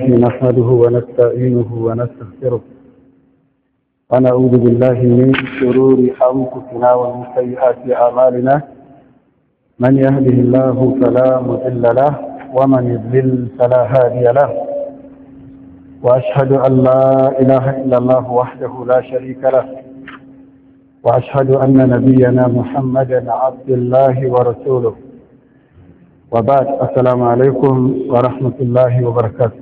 نحمده ونستعينه ونستغفره ونعوذ بالله من شرور أنفسنا ومن سيئات أعمالنا من يهده الله فلا مضل له ومن يضلل فلا هادي له وأشهد أن لا إله إلا الله وحده لا شريك له وأشهد أن نبينا محمدا عبد الله ورسوله وبعد السلام عليكم ورحمة الله وبركاته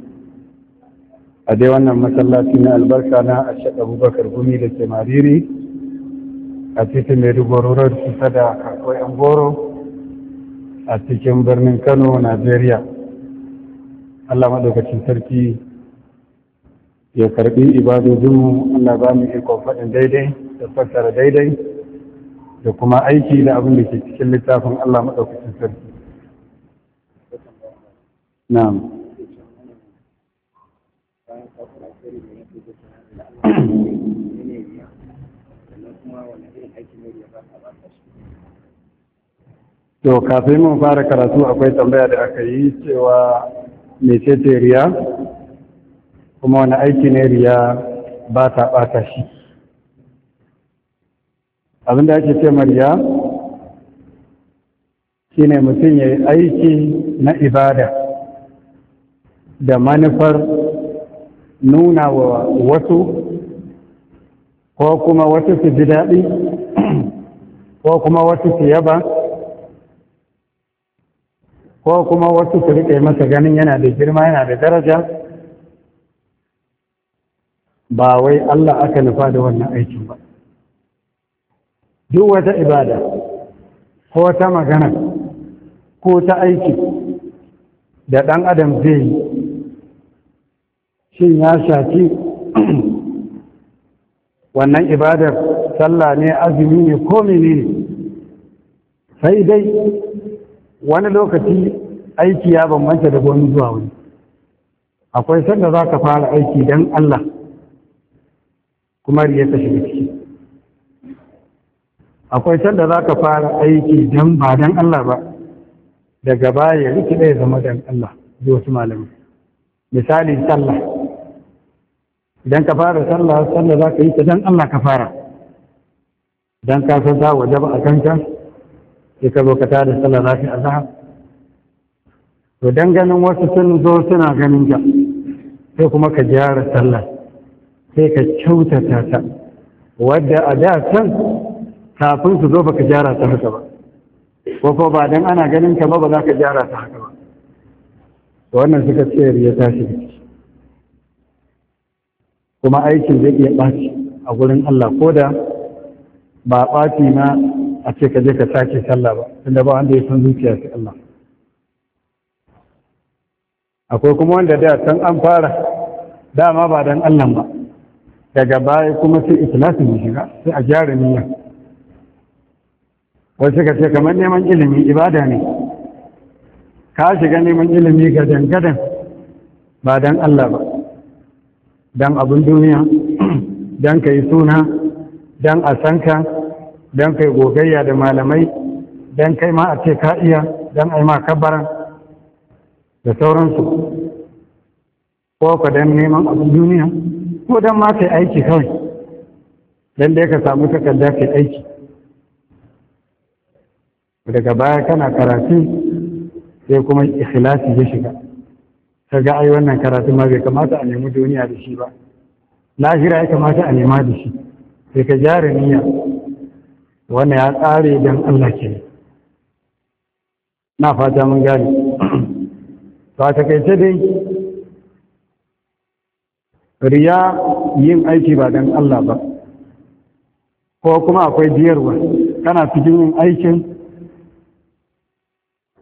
a dai wannan masallaci na albarka na a shaɗa abubakar gumi da ke mariri a titin maiduguri road kusa da kasuwar yan goro a cikin birnin kano najeriya allah maɗaukacin sarki ya karɓi jimu. allah ba mu ikon faɗin daidai da fassara daidai da kuma aiki da abin da ke cikin littafin allah maɗaukacin sarki na'am to kafin mun fara karatu akwai tambaya da aka yi cewa ce riya kuma wani aiki ne riya ba ta ɓata shi Abin da ake ce riya shi ne mutum ya yi aiki na ibada da manufar nuna wa wasu ko kuma wata su ji daɗi ko kuma wata su yaba ko kuma wata su riƙe masa ganin yana da girma yana da daraja ba wai Allah aka nufa da wannan aikin ba duk wata ibada ko ta magana ko ta aiki da ɗan adam zai yi shin ya shafi wannan ibadar sallah ne azumi ne ko menene sai dai wani lokaci aiki ya bambanta da wani zuwa wani akwai sanda za ka fara aiki don Allah kuma riya ta shiga ciki akwai sanda za ka fara aiki don ba don Allah ba daga baya riki ɗaya zama don Allah zuwa su malamai misali sallah idan ka fara sallah sallah za ka yi ta don Allah ka fara Idan ka san ta waje ba a kanka sai ka zo ka tada sallah za ka yi azhar to dan ganin wasu sun zo suna ganin ka sai kuma ka gyara sallah sai ka kyautata ta wadda a da can kafin su zo ba ka gyara ta haka ba ko ba dan ana ganin ka ba ba za ka gyara ta haka ba wannan suka ce riya ta shi kuma aikin zai iya ɓaci a gurin Allah ko da ba ɓaci na a ce ka je ka sake sallah ba tunda ba wanda ya san zuciya sai Allah akwai kuma wanda da san an fara dama ba dan Allah ba daga baya kuma sai ikhlasin ne shiga sai a gyara niyya wasu ka ce kamar neman ilimi ibada ne ka shiga neman ilimi gadan gadan ba dan Allah ba Dan abin duniya don ka yi suna don a san ka don gogayya da malamai don kai ma a ce ka iya don a yi ma da sauransu ko ka don neman abin duniya ko dan ma ka aiki kawai don dai ka samu takarda ka yi aiki daga baya kana karatu sai kuma ikhlasi ya shiga ka ga ai wannan karatu ma bai kamata a nemi duniya da shi ba lahira ya kamata a nema da shi sai ka gyara niyya wannan ya tsare don Allah ke na fata mun gane ta kai takaice dai riya yin aiki ba dan Allah ba ko kuma akwai biyarwa kana cikin yin aikin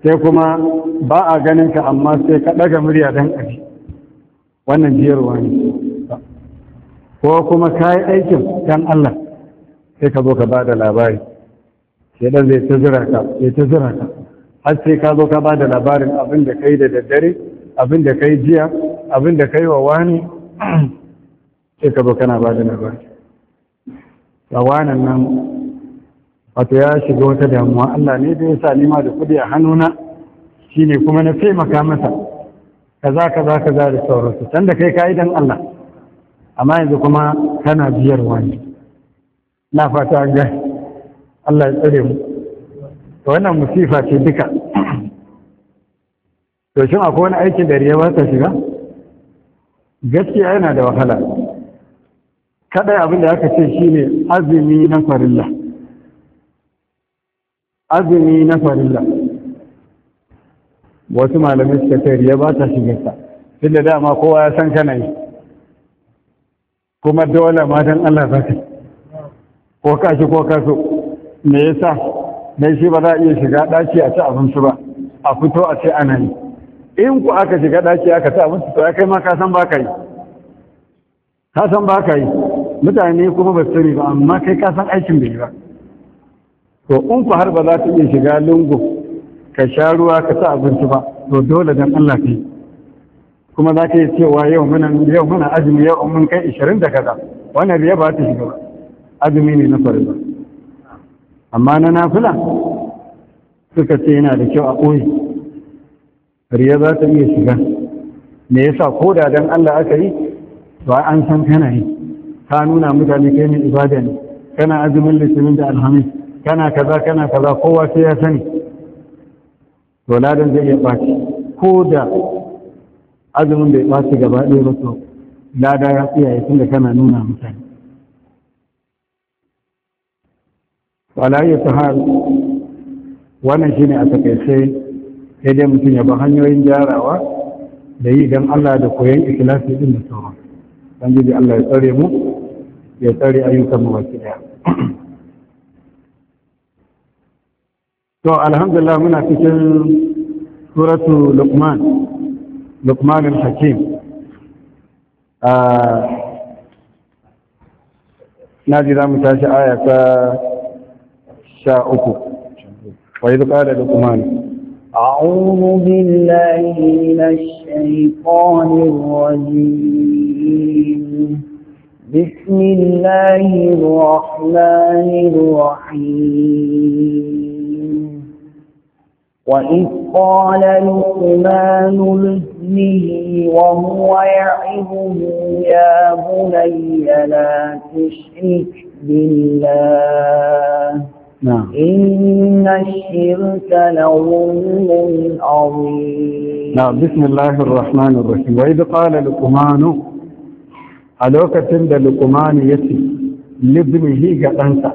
sai kuma ba a ganin ka amma sai ka ɗaga murya don ƙafi wannan jiyarwa ne ko kuma ka yi aikin don Allah sai ka zo ka ba da labari ɗan zai ta zira ka zai ta zira ka har sai ka zo ka ba da labarin abin da yi da daddare abin da yi jiya abin da yi wa wani sai ka zo kana ba da labari ga wanan nan wato ya shiga wata damuwa Allah ne da sa nima da kudi a hannuna shine kuma na taimaka masa kaza kaza kaza da sauransu can da kai ka'idan Allah amma yanzu kuma kana biyar wani na fata ga Allah ya tsare mu to wannan musifa ce duka to shin akwai wani aikin da riya ta shiga gaskiya yana da wahala kadai abin da aka ce shine azumi na farilla azumi na farilla wasu malamai suka ce ya ba ta shigarsa duk da dama kowa ya san kana yi kuma dole ma don Allah za ka ko ka shi ko ka so me yasa Me shi ba za a iya shiga ɗaki a ci abinci ba a fito a ce ana yi in ku aka shiga ɗaki aka ci abinci to ya kai ma ka san ba ka yi ka san ba ka yi mutane kuma ba su sani ba amma kai ka san aikin bai yi ba to in ku har ba za ta iya shiga lungu ka sha ruwa ka sa abinci ba to dole dan Allah ka yi kuma za ka yi cewa yau muna yau muna azumi yau mun kai 20 da kaza wannan biya ba ta shiga ba azumi ne na ba. amma na nafila suka ce yana da kyau a koyi riya za ta iya shiga me yasa ko da dan Allah aka yi to an san kana yi ka nuna mutane kai ne ibada ne kana azumin litinin da alhamis kana kaza kana kaza kowa sai ya sani to ladan zai iya ɓaci ko da azumin bai ɓaci gaba ɗaya ba to lada ya tsiyaye tun da kana nuna mutane walayi ta hal wannan shine a takaice sai dai mutum ya ba hanyoyin jarawa da yi don Allah da koyon ikilasi din da sauran. Ubangiji Allah ya tsare mu ya tsare ayyukan mu baki daya. so alhamdulillah muna cikin suratu luqman luqman al-hakim na ji za mu tashi aya ta sha uku wa idh qala luqman أعوذ بالله من الشيطان الرجيم بسم الله الرحمن الرحيم وإذ قال لقمان لابنه وهو يعظه يا بني لا تشرك بالله نعم. إن الشرك لظلم عظيم نعم بسم الله الرحمن الرحيم وإذ قال لقمان ألوك تند لقمان يتي لابنه قطنسا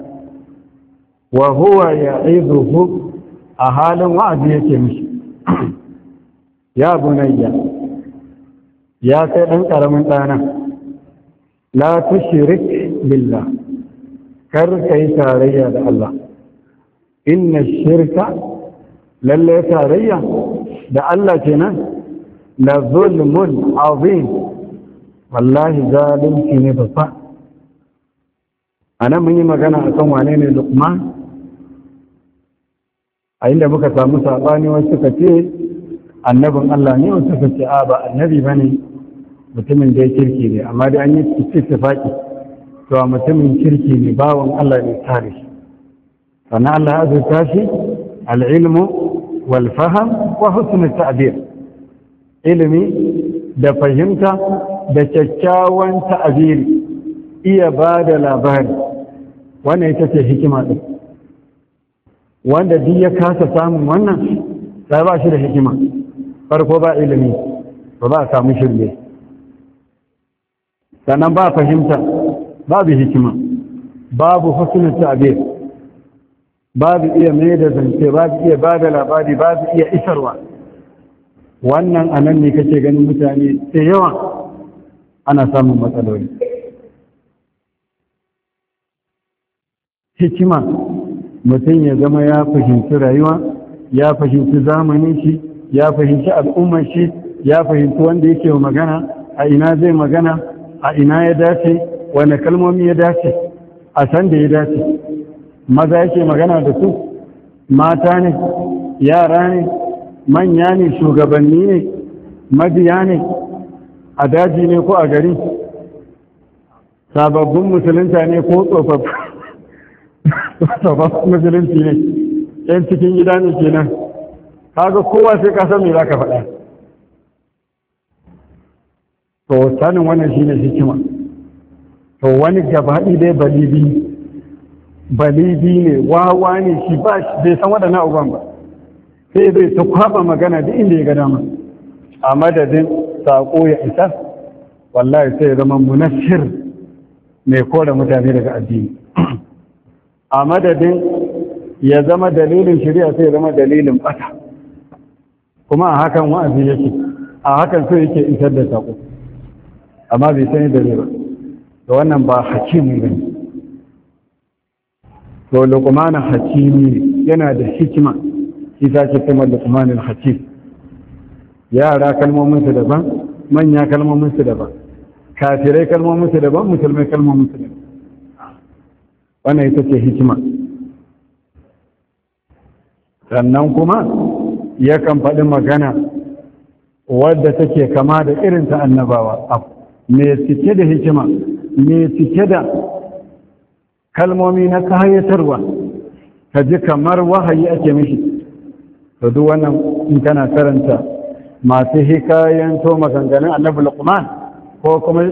وهو يعظه a halin wa'azi yake mishi ya bunayya ya kai ɗan ƙaramin ɗana la tushrik billah kar ka yi tarayya da Allah inna shirka lallai tarayya da Allah ke kenan na zulmun azim wallahi zalunci ne babba A nan mun yi magana a kan wane ne lukman a inda muka samu saɓani wasu suka ce annabin Allah ne wasu suka ce a ba annabi ba ne mutumin da ya kirki ne amma dai an yi ittifaki to a mutumin kirki ne bawan Allah ne tare sannan Allah ya azurta shi al'ilmu wal faham wa husnul ta'bir ilimi da fahimta da kyakkyawan ta'abiri iya ba da labari wannan ita ce hikima ɗin wanda duk ya kasa samun wannan sai ba shi da hikima farko ba ilimi ba ba samu shirme sannan ba fahimta babu hikima babu husnul ta'bir babu iya mai da zance babu iya ba da labari babu iya isarwa wannan anan ne kake ganin mutane da yawa ana samun matsaloli hikima mutum ya zama ya fahimci rayuwa ya fahimci zamanin shi ya fahimci al'ummar shi ya fahimci wanda yake magana a ina zai magana a ina ya dace wane kalmomi ya dace a san da ya dace maza yake magana da su mata ne yara ne manya ne shugabanni ne mabiya ne a daji ne ko a gari sababbin musulunta ne ko tsofaffi ba su musulunci ne yan cikin gida ne kenan kaga kowa sai ka san me ka faɗa to sanin wannan shine hikima to wani gabaɗi dai balibi balibi ne wawa ne shi ba shi bai san waɗannan abubuwan ba sai zai ta kwaba magana duk inda ya ga dama a madadin saƙo ya isa wallahi sai ya zama munashir mai kora mutane daga addini a madadin ya zama dalilin shirya sai ya zama dalilin bata kuma a hakan wa'azi yake a hakan so yake isar da sako amma bai sani da zai ba da wannan ba hakimi ba ne to luqmanin hakimi yana da hikima shi ta ce kuma luqmanin hakim yara kalmomin su daban manya kalmomin su daban kafirai kalmomin su daban musulmai kalmomin su daban wannan ita ce hikima sannan kuma yakan faɗi magana wadda take kama da irin ta annabawa mai cike da hikima mai cike da kalmomi na kayatarwa ka ji kamar wahayi ake mishi to duk wannan in kana karanta masu hikayen to maganganun annabi luqman ko kuma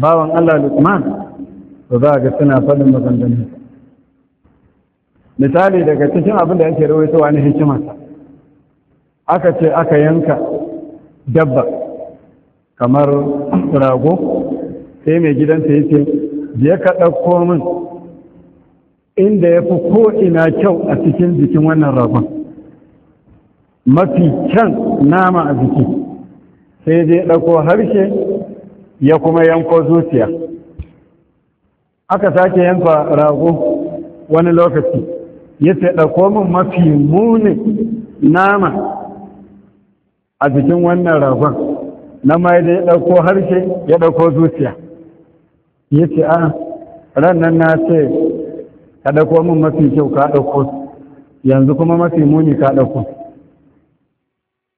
bawan Allah luqman to za a ga suna faɗin maganganu misali daga cikin abin da yake rawaitowa na hikimarsa aka ce aka yanka dabba kamar rago sai mai gidansa ya ce je ka ɗauko min inda ya fi ko'ina kyau a cikin jikin wannan ragon mafi kyan nama a jiki sai zai ɗauko harshe ya kuma yanko zuciya aka sake yanka rago wani lokaci ya ce ɗauko min mafi muni nama a jikin wannan ragon na mai da ya ɗauko harshe ya ɗauko zuciya ya ce a ranar na ce ka ɗauko min mafi kyau ka ɗauko yanzu kuma mafi muni ka ɗauko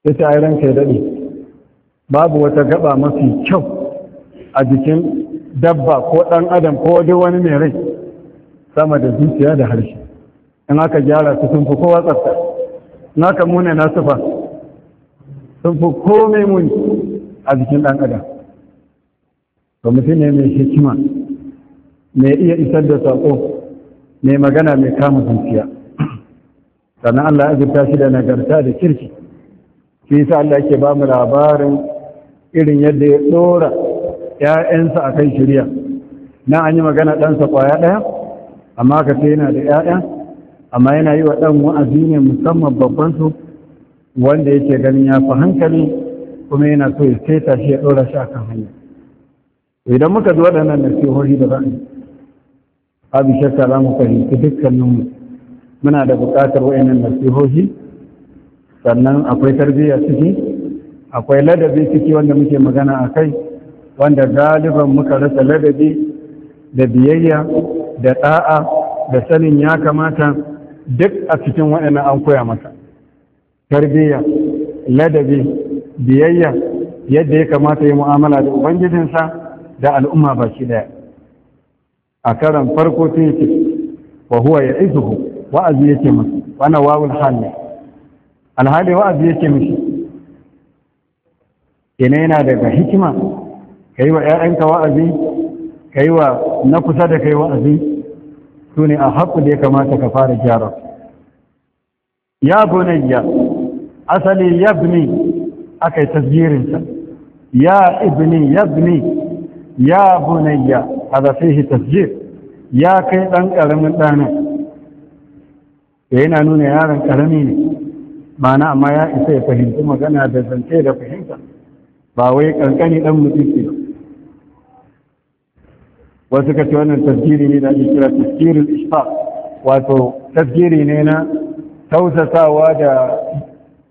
ya ce a ranka ya daɗe babu wata gaba mafi kyau a jikin dabba ko ɗan adam ko dai wani mai rai sama da zuciya da harshe in aka gyara su sun fi kowa tsafta in aka muna na sufa sun fi komai muni a jikin ɗan adam to mutum ne mai hikima mai iya isar da saƙo mai magana mai kama zuciya sannan Allah ya azurta shi da nagarta da kirki shi yasa Allah yake ba mu labarin irin yadda ya dora ‘ya'yansa a kai shirya na an yi magana ɗansa ƙwaya ɗaya amma ka ce yana da ‘ya'ya amma yana yi wa ɗan wa'azi ne musamman babban su wanda yake ganin ya fi hankali kuma yana so ya seta shi ya ɗora shi a kan hanya idan muka zo waɗannan nasihohi da ra'ayi abu shakka za mu fahimci dukkaninmu muna da buƙatar wa'annan nasihohi sannan akwai tarbiyya ciki akwai ladabi ciki wanda muke magana a kai wanda galiban muka rasa ladabi da biyayya da ɗa'a da sanin ya kamata duk a cikin waɗannan an koya maka. tarbiyya ladabi biyayya yadda ya kamata ya mu'amala da ubangijinsa da al'umma baki ɗaya a karan farko sai yake wa huwa ya izuhu wa'azi yake masa wannan wawul hali alhali wa'azi yake mishi ina yana daga hikima ka yi wa 'ya'yanka wa'azi ka yi wa na kusa da kai wa'azi su ne a haƙu da ya kamata ka fara gyara ya gonayya asali yabni aka yi tasgirinsa ya ya yabni ya gonayya a zafihi tasgir ya kai ɗan ƙaramin ɗana. da yana nuna yaron ƙarami ne na amma ya isa ya fahimci magana da zance da fahimta ba wai ƙanƙani ɗan mutum wasu ka ce wannan tafsiri ne da ake kira tafsirul ishfa wato tafsiri ne na tausasawa da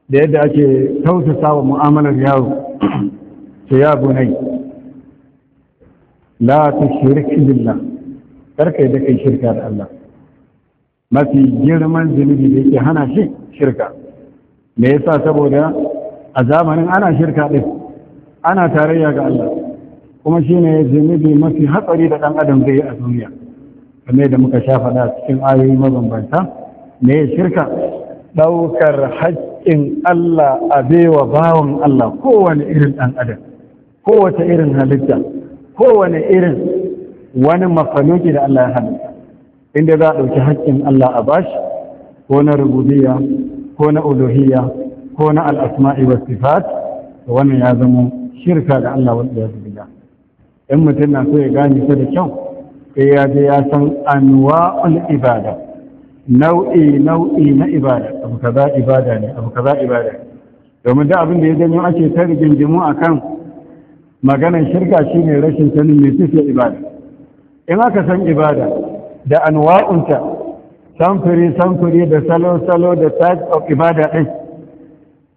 da yadda ake tausasawa mu'amalar yaro ce ya bunai la tushrik billah karka da kai shirka da Allah mafi girman zunubi da yake hana shi shirka me yasa saboda a zamanin ana shirka din ana tarayya ga Allah kuma shi ne zunubi mafi hatsari da ɗan adam zai yi a duniya game da muka sha faɗa cikin ayoyi mabambanta me shirka ɗaukar haƙƙin Allah a baiwa bawan Allah kowane irin ɗan adam kowace irin halitta kowane irin wani mafaluki da Allah ya halitta inda za a ɗauki haƙƙin Allah a bashi ko na rububiyya ko na uluhiyya ko na al'asma'i wa sifat wannan ya zama shirka da Allah wanda ya zubiya in mutum na so ya gane su da kyau sai ya je ya san anwa'ul ibada nau'i nau'i na ibada abu kaza ibada ne abu kaza ibada domin da abin da ya janyo ake ta rigingimu akan maganar shirka shine rashin sanin mai suke ibada in aka san ibada da anuwa'unta samfuri samfuri da salo salo da type of ibada ɗin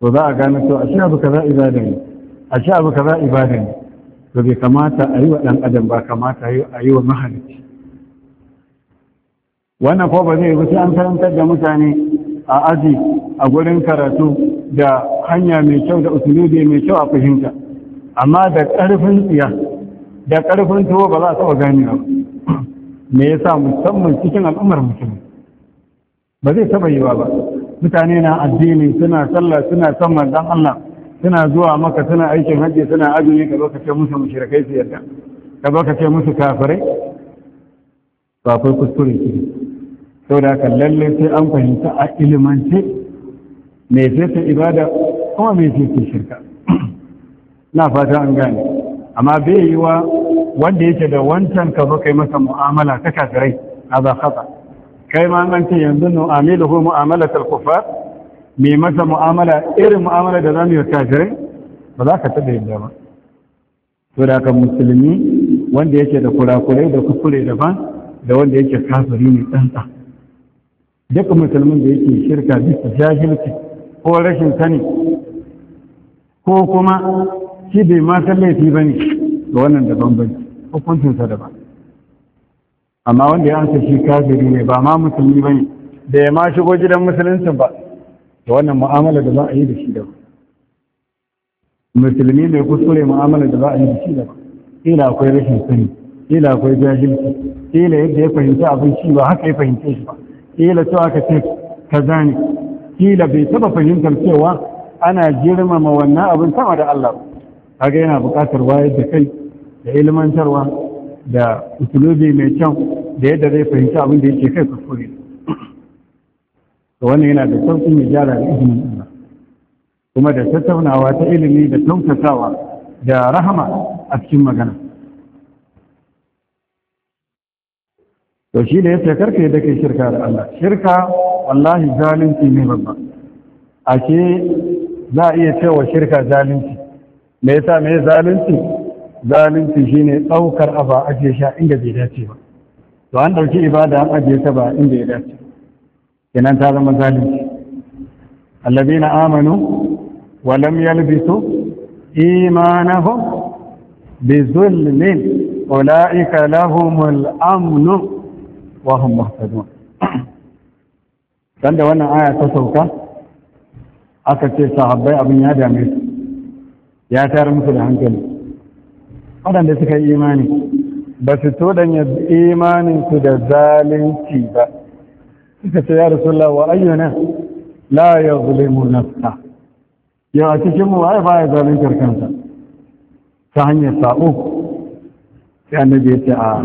to za a gane to a shi abu kaza ibada ne a shi abu kaza ibada ne to bai kamata a yi wa ɗan adam ba kamata a yi wa mahalicci wannan ko ba zai wuce an karantar da mutane a aji a gurin karatu da hanya mai kyau da usulubi mai kyau a fahimta amma da ƙarfin tsiya da ƙarfin tuwo ba za a taɓa ganewa me ya sa musamman cikin al'ummar mutum ba zai taɓa yiwa ba mutane na addini suna sallah suna son manzon Allah suna zuwa maka suna aikin hajji suna azumi ka zaka ce musu mushrikai su yarda ka zaka ce musu kafirai ba akwai kuskure ki saboda haka lalle sai an fahimta a ilimance me ce ibada kuma me ce shirka na fata an gane amma bai yi wa wanda yake da wancan ka zo kai masa mu'amala ta kafirai a ba kai ma an ce yanzu nu amilu mu'amalatul kufar mai masa mu'amala irin mu'amala da mu yi kafirai ba za ka taɓa yadda ba to da ka musulmi wanda yake da kurakurai da kuskure daban da wanda yake kafiri ne tsantsa duk musulmin da yake shirka bisa jahilci ko rashin sani ko kuma shi bai ma san laifi ba ne ga wannan daban ba hukuncinsa daban amma wanda ya amsa shi kafiri ne ba ma musulmi ba ne da ya ma shigo gidan musulunci ba da wannan mu'amala da za a yi da shi da musulmi mai kuskure mu'amala da za a yi da shi da ila akwai rashin sani ila akwai jahilci ila yadda ya fahimci abin shi ba haka ya fahimce shi ba ila to aka ce ka zani ila bai taba fahimtar cewa ana girmama wannan abin sama da Allah kaga yana buƙatar wayar da kai da ilmantarwa da usulubi mai kyau da yadda zai fahimci abin da yake kai kuskure to wannan yana da sauƙin ya gyara da izinin Allah kuma da tattaunawa ta ilimi da tausasawa da rahama a cikin magana to shi da yace karka yadda kai shirka da Allah shirka wallahi zalunci ne babba ashe za a iya cewa shirka zalunci me yasa me zalunci zalunci shine daukar aba aje sha inda bai dace ba to an ɗauki ibada an ajiye ta ba inda ya dace kenan ta zama zalunci allazina amanu wa lam yalbisu imanahum bi zulmin ulaika lahumul amnu wa hum muhtadun dan da wannan aya ta sauka aka ce sahabbai abin ya dame su ya tayar musu da hankali waɗanda suka yi imani ba su to imaninsu da zalunci ba suka ce ya rasulullah wa ayyana la yazlimu nafsa yau a cikin mu ai baya zaluntar karkansa ta hanyar sabo sai annabi ya ce a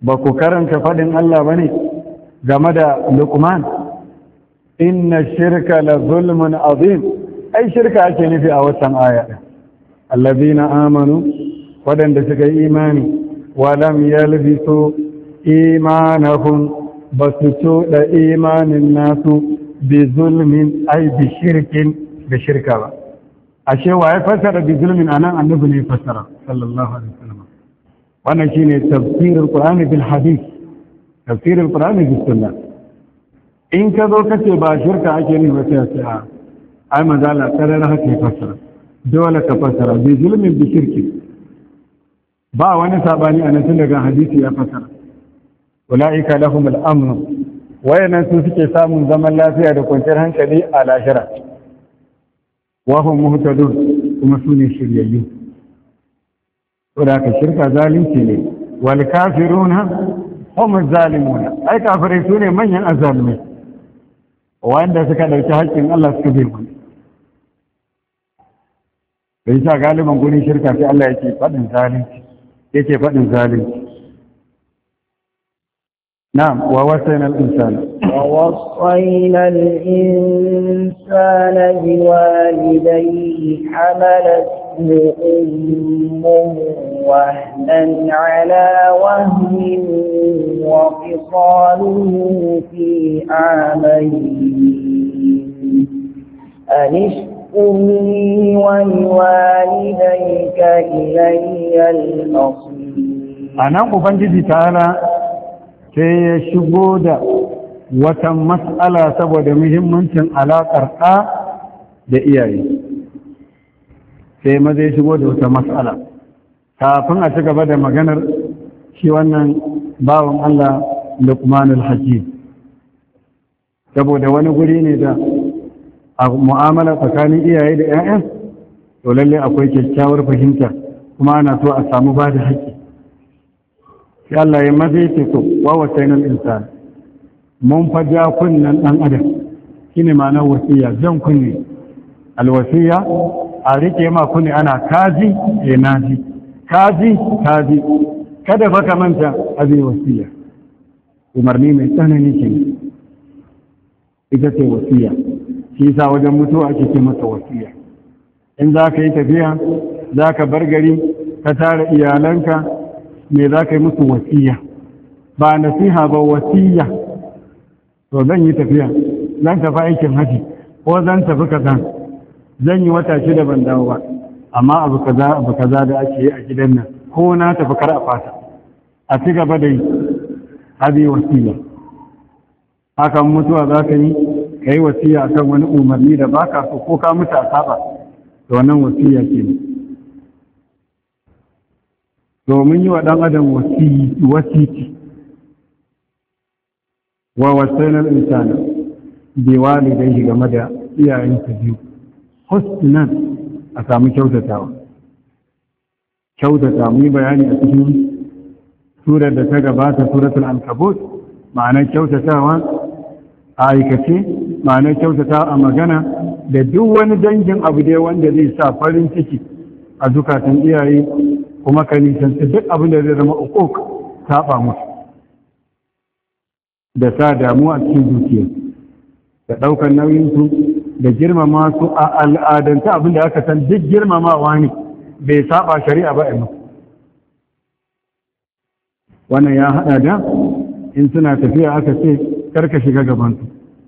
ba ku karanta fadin Allah ba ne game da Luqman inna shirka la zulmun azim ai shirka ake nufi a watan aya din na amanu wadanda suka yi imani wa lam yalbisu imanahum ba su cuɗa imanin nasu bi zulmin ai bi shirkin da shirka ba ashe waye fassara bi zulmin anan annabi ne fassara sallallahu alaihi wasallam wannan shine tafsirul qur'ani bil hadith tafsirul qur'ani bis sunnah in ka zo kace ba shirka ake ne ba sai sai a ai manzo Allah da haka ya fassara dole ka fassara bi zulmin bi shirki ba wani sabani a nan daga hadisi ya fassara ula'ika lahum al-amn wayannan su suke samun zaman lafiya da kwanciyar hankali a lahira wa hum muhtadun kuma su ne shiryayyu to da ka shirka zalunci ne wal kafiruna hum zalimuna ai kafirai su ne manyan azalmai wanda suka dauki haƙƙin Allah suka bi mu Bai yasa galiban gurin shirka sai Allah yake faɗin zalunci yake faɗin zalunci نعم ووصينا الإنسان ووصينا الإنسان بوالديه حملته أمه وهنا على وهن وفصاله في عامين أن أمي ولوالديك إلي المصير أنا أبنجي تعالى sai ya shigo da wata matsala saboda muhimmancin alaƙar ɗa da iyaye sai maza ya shigo da wata matsala kafin a ci gaba da maganar shi wannan bawan Allah al-haji saboda wani guri ne da a mu'amala tsakanin iyaye da 'ya'yan to lalle akwai kyakkyawar fahimta kuma ana so a samu ba da haƙƙi sai Allah ya maza ya wa wasainan insan mun fa kunnan dan adam shine ma'anar wasiya zan kunne alwasiya a rike ma kunne ana kaji e naji kaji kaji kada baka manta abin wasiya umarni mai tsanani ke ita ce wasiya shi sa wajen mutuwa ake ce masa wasiya in za ka yi tafiya za ka bar gari ka tara iyalanka me za ka yi musu wasiya ba nasiha ba wasiya to zan yi tafiya zan tafi aikin haji ko zan tafi kaza zan yi wata shida ban dawo ba amma abu kaza abu kaza da ake yi a gidan nan ko na tafi kar a fata a ci gaba da yi abi wasiya hakan mutuwa za ka yi ka yi wasiya akan wani umarni da ka so ko ka mutu a saba da wannan wasiya ke ne domin yi wa ɗan adam wasiti wa wasainar insana biwalidaihi game da iyayensa biyu husnan a samu kyautatawa kyautata mu yi bayani a cikin surar da ta gabata suratul ankabut ma'anar kyautatawa a aikace ma'anar kyautatawa a magana da duk wani dangin abu dai wanda zai sa farin ciki a zukatan iyaye kuma ka duk abin da zai zama uku saba musu da sa damuwa a cikin zuciya da ɗaukar nauyinsu da girmama su a al'adanta abin da aka san duk girmamawa ne bai saba shari'a ba ima wannan ya haɗa da in suna tafiya aka ce karka shiga gabansu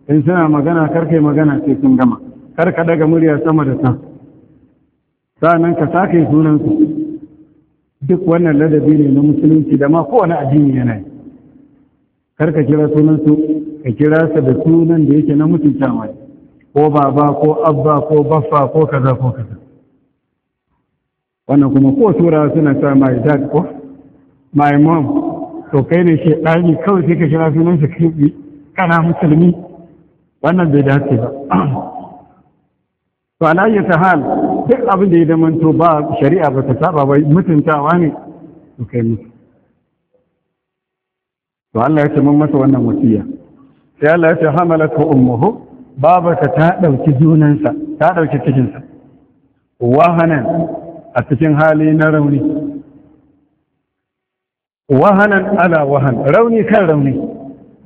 in suna magana karka yi magana ce sun gama karka daga murya sama da sa sa'annan ka sake sunansu duk wannan ladabi ne na musulunci da ma kowane addini yana yi kar ka kira sunansu ka kira sa da sunan da yake na mutunta mai ko baba ko abba ko baffa ko kaza ko kaza wannan kuma ko tura suna sa mai dad ko mai mom to kai ne shi ɗani kawai sai ka kira sunan sa kai kana musulmi wannan bai dace ba to ala ayyata hal duk abin da ya to ba shari'a ba ta saba ba mutuntawa ne to kai musu to Allah ya ce mun masa wannan wasiya sai Allah ya ce hamalatu ummuhu babarka ta dauki junansa ta dauki cikin sa wahanan a cikin hali na rauni wahanan ala wahan rauni kan rauni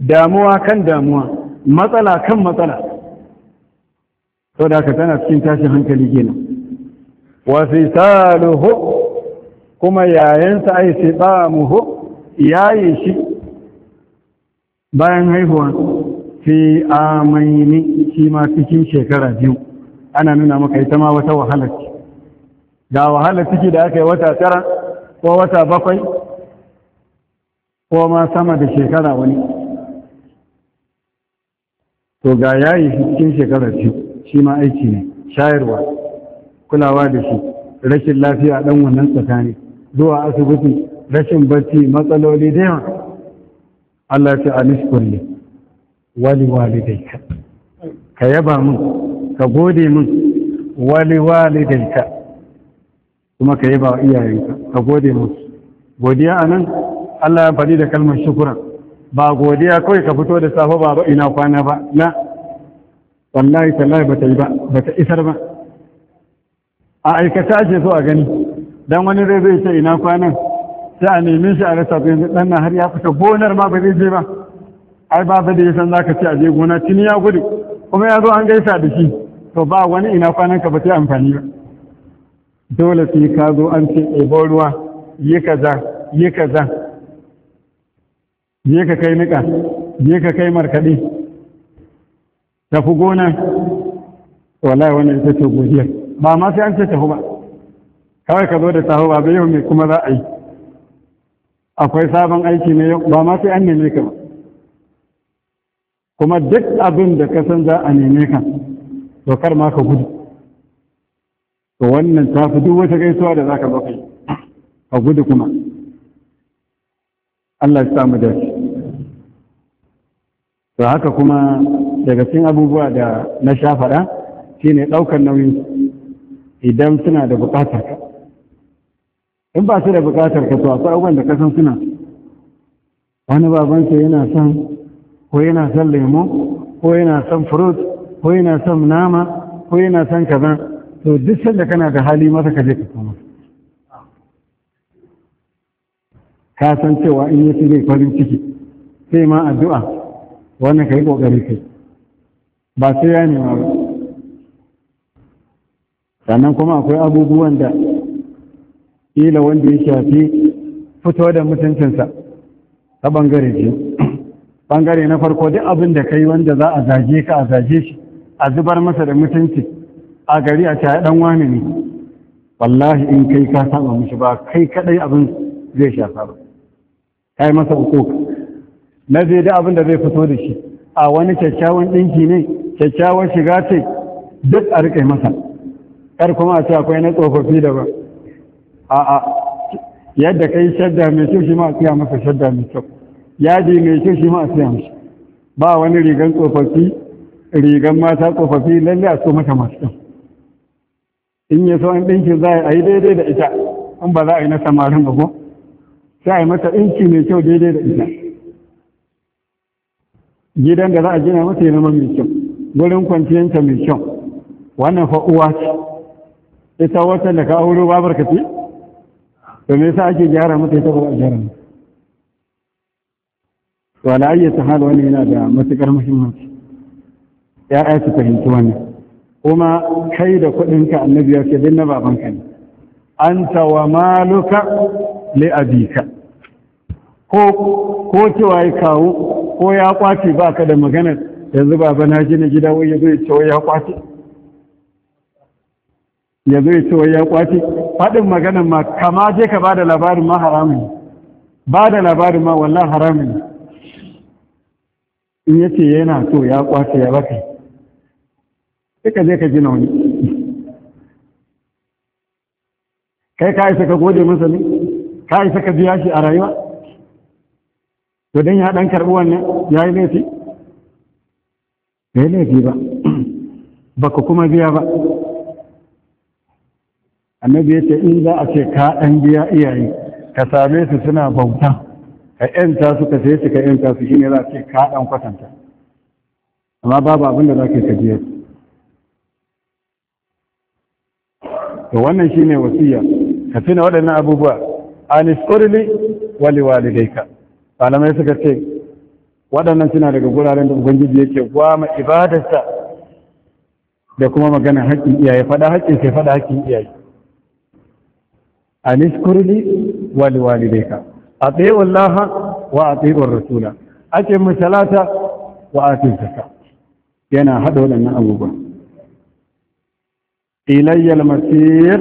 damuwa kan damuwa matsala kan matsala to da ka tana cikin tashin hankali kenan wa fisaluhu kuma yayansa ay sitamuhu yayi shi bayan haihuwa fi amaini shi ma cikin shekara biyu ana nuna maka ita ma wata wahala ce ga wahala ciki da aka yi wata tara ko wata bakwai ko ma sama da shekara wani to ga yayi cikin shekara biyu shi ma aiki ne shayarwa kulawa da shi rashin lafiya dan wannan tsakani zuwa asibiti rashin bacci matsaloli da yawa Allah ce anishkurli wali walidayka ka yaba min ka gode min wali walidayka kuma ka yaba iyayenka ka gode mun godiya anan Allah ya faɗi da kalmar shukura, ba godiya kawai ka fito da safe ba ba ina kwana ba na wallahi tallahi bata yi ba bata isar ba a aikata ake so a gani dan wani rai zai ce ina kwanan sai a neme shi a rasa yanzu ɗan nan har ya fita gonar ma ba zai je ba ai ba ba da yasan san za ka ce a je gona tuni ya gudu kuma ya zo an gaisa da shi to ba wani ina kwanan ka ba sai amfani ba dole sai ka zo an ce ɗebo ruwa yi kaza yi kaza je ka kai niƙa je ka kai markaɗe tafi gona wallahi wannan ita ce godiyar ba ma sai an ce tafi ba kawai ka zo da taho ba bai yau me kuma za a yi akwai sabon aiki ne ba ma sai an neme ka ba kuma duk abin da ka san za a neme ka to kar ma ka gudu to wannan ta fi duk wata gaisuwa da za ka bakai a gudu kuma Allah ya samu dace to haka kuma daga cikin abubuwa da na sha faɗa shine ɗaukar nauyin idan suna da buƙatar ka in ba su da bukatar ka to akwai abubuwan da kasan suna wani babansa yana son ko yana son lemo ko yana son fruit ko yana son nama ko yana son kaza to duk sanda kana da hali masa ka je ka koma ka san cewa in yi zai farin ciki sai ma addu'a wannan ka yi ƙoƙari kai ba sai ya nema ba sannan kuma akwai abubuwan da ƙila wanda ya shafi fito da mutuncinsa ta ɓangare biyu ɓangare na farko duk abin da kai wanda za a zage ka a zage shi a zubar masa da mutunci a gari a caya ɗan wani ne wallahi in kai ka saba mishi ba kai kaɗai abin zai shafa ba kai masa uku na zai da abin da zai fito da shi a wani kyakkyawan ɗinki ne kyakkyawan shiga ce duk a riƙe masa kar kuma a ce akwai na tsofaffi daban a'a yadda kai shadda mai kyau shi ma a siya masa shadda mai kyau Yadi mai kyau shi ma a siya masa ba wani rigan tsofaffi rigan mata tsofaffi lalle a so mata masu kyau in ya so an ɗinkin za a yi daidai da ita in ba za a yi na samarin ba ko sai a yi mata ɗinki mai kyau daidai da ita gidan da za a gina mata ya zama mai kyau gurin kwanciyanta mai kyau wannan fa uwa ce ita wata da ka auro babar ka ce to me yasa ake gyara mata ita ba a gyara mata to ala ta hal wani yana da matukar muhimmanci ya'ya su fahimci wani. kuma kai da kuɗinka annabi ya ce din na babanka ne anta wa maluka li abika ko ko cewa ya kawo ko ya kwace ka da maganar yanzu baba na ji na gida wai ya zo ya ce wai ya kwace ya ya ce wai ya kwace faɗin maganin ma kama je ka ba da labarin ma haramun ba da labarin ma wallah haramun in yake yana so ya kwace ya baka sai ka je ka ji nauni kai ka isa ka gode masa ne ka isa ka biya shi a rayuwa to don ya ɗan karɓi wannan ya yi laifi bai laifi ba ba ku kuma biya ba annabi yake in za a ce ka dan biya iyaye ka same su suna bauta ka yanta su ka sai su ka yanta su shine za a ce ka dan kwatanta amma babu abin da zake ka biya to wannan shine wasiya ka tuna waɗannan abubuwa anis urli wali walidayka malamai suka ce waɗannan suna daga guraren da ubangiji yake gwama ibadarsa da kuma magana haƙƙin iyaye faɗa haƙƙin sai faɗa haƙƙin iyaye an iskurli wal walidayka ati'u wallaha wa ati'u rasula ake musalata wa ati'u zakka yana hada wadannan abubuwa ilayyal masir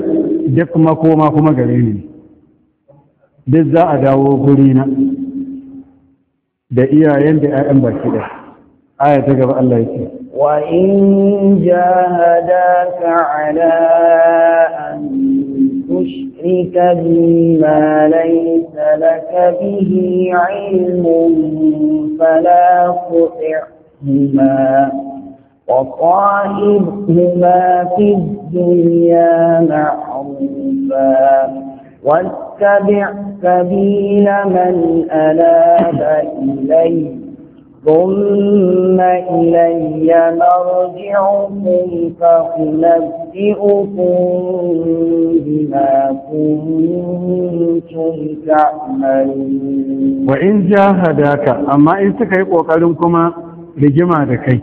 duk makoma kuma gare ni duk za a dawo guri na da iyayen da 'ya'yan baki ɗaya aya ta gaba Allah yake wa in jahadaka ala an يشرك بما ليس لك به علم فلا تطعهما وصاحبهما في الدنيا معروفا واتبع سبيل من أناب إليه ثم إلي مرجعكم فأنبئكم بما كنتم تعملون وإن جاهداك أما إن سكيب وقالكما لجمع دكي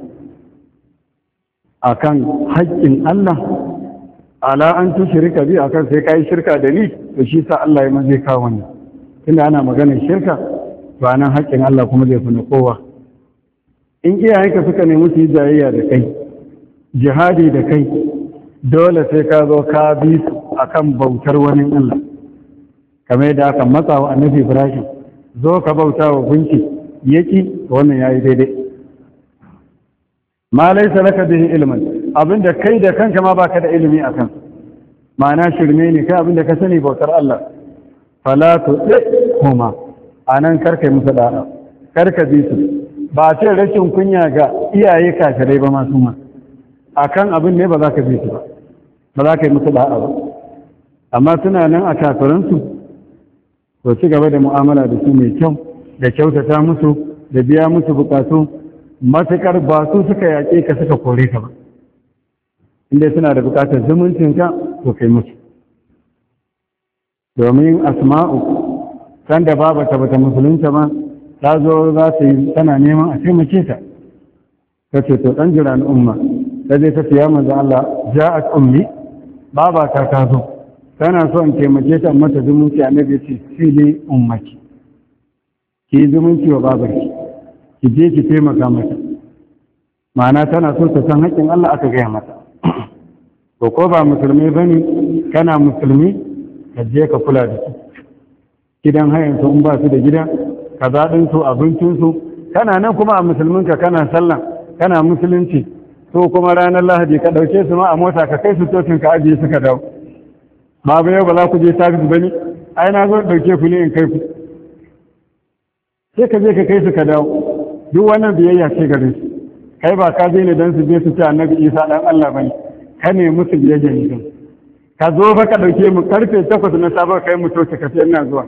akan haƙƙin Allah ala an shirka bi akan sai kai shirka da ni to shi sa Allah ya maze ka wannan tunda ana maganar shirka ba nan haƙƙin Allah kuma zai fi kowa in iyayenka suka nemi su yi jayayya da kai jihadi da kai dole sai ka zo ka bi su akan bautar wani Allah kamar yadda aka matsa wa annabi Ibrahim zo ka bauta wa gunki yaki wannan ya yi daidai ma laisa laka bihi ilmin abinda kai da kanka ma baka da ilimi akan ma'ana shirme ne kai abinda ka sani bautar Allah fala tu kuma anan karka musu da'a karka bi su ba a ce rashin kunya ga iyaye kafirai ba masu ma a kan abin ne ba za ka su ba ba za ka yi musu da'a ba amma suna nan a kafiransu to ci gaba da mu'amala da su mai kyau da kyautata musu da biya musu bukatu matuƙar ba su suka yaƙe ka suka kore ka ba inda suna da bukatar zumuncinka to kai musu domin asma'u sanda babata bata musulunta ba ta zo za ta yi tana neman a taimake ta ta ce to ɗan jira na umma ta je ta siya manzo Allah ja'at ummi baba ta ta zo tana so in taimake ta amma ta zumunci annabi ya ce fili ummaki ki zumunci wa babar ki je ki taimaka mata ma'ana tana so ta san haƙƙin Allah aka gaya mata ko ko ba musulmi bane kana musulmi ka je ka kula da su gidan hayan su in ba su da gida kaza abincinsu kana nan kuma a musulminka kana sallan kana musulunci so kuma ranar lahadi ka ɗauke su ma a mota ka kai su cocin ka ajiye ka dawo ba ba yau ba za ku je sabis ba ne ai na zo ɗauke ku ne in kai ku sai ka je ka kai su ka dawo duk wannan biyayya ce gare su kai ba ka je ne don su je su ce annabi isa ɗan allah ba ne ka ne musu biyayya ne ka zo ba ka ɗauke mu karfe takwas na safe kai mu coci ka ce ina zuwa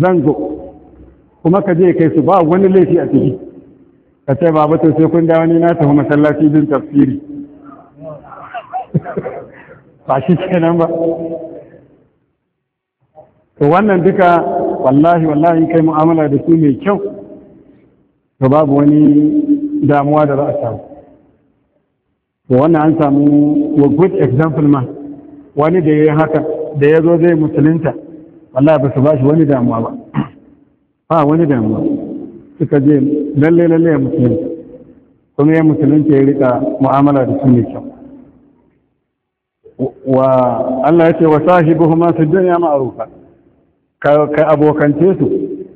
zan zo kuma ka je kai su ba wani laifi a ciki ka ce ba to sai kun dawo ni na tafi masallaci bin tafsiri ba shi kenan ba to wannan duka wallahi wallahi kai mu'amala da su mai kyau to babu wani damuwa da za a samu to wannan an samu wa good example ma wani da ya yi haka da ya zo zai musulunta wallahi ba su ba shi wani damuwa ba ba wani damuwa suka je lalle lalle ya musulunci kuma ya musulunci ya rika mu'amala da su ne kyau wa Allah ya ce wa sahibuhuma su dunya ma'rufa ka abokance su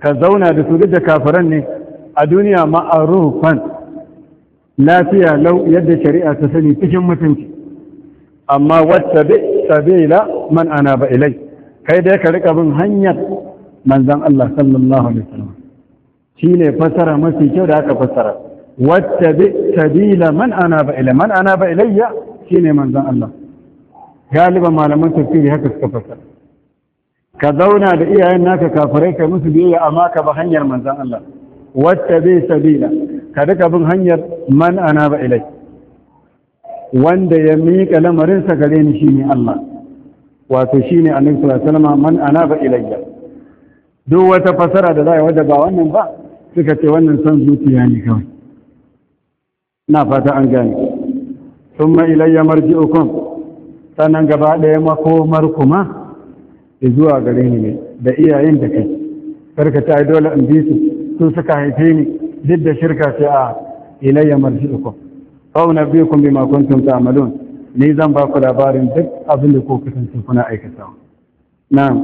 ka zauna da su duk da kafiran ne a duniya ma'arufan lafiya lau yadda shari'a ta sani cikin mutunci amma wata sabila man ana ba ilai kai dai ka rika bin hanyar manzan Allah sallallahu alaihi wasallam shine fasara mafi kyau da aka fasara wattabi sabila man anaba ila man anaba ilayya shine manzan Allah galiban malaman tafsiri haka suka fasara ka zauna da iyayen naka kafirai kai musu biyayya amma ka ba hanyar manzan Allah wattabi sabila ka duka bin hanyar man anaba ilai. wanda ya miƙa lamarinsa gare ni ne Allah wato shine annabi sallallahu alaihi wasallam man anaba ilayya duk wata fasara da za a wadda ba wannan ba suka ce wannan son zuciya ne kawai na fata an gane sun ma ilayya ukun sannan gaba ɗaya makomar kuma zuwa gare ni ne da iyayen da kai karka ta dole in bi su su suka haife ni duk da shirka sai a ilayya marji'ukum fa kun bi makuntun ta'malun ni zan ba ku labarin duk abin da ko kasance kuna aikatawa Na.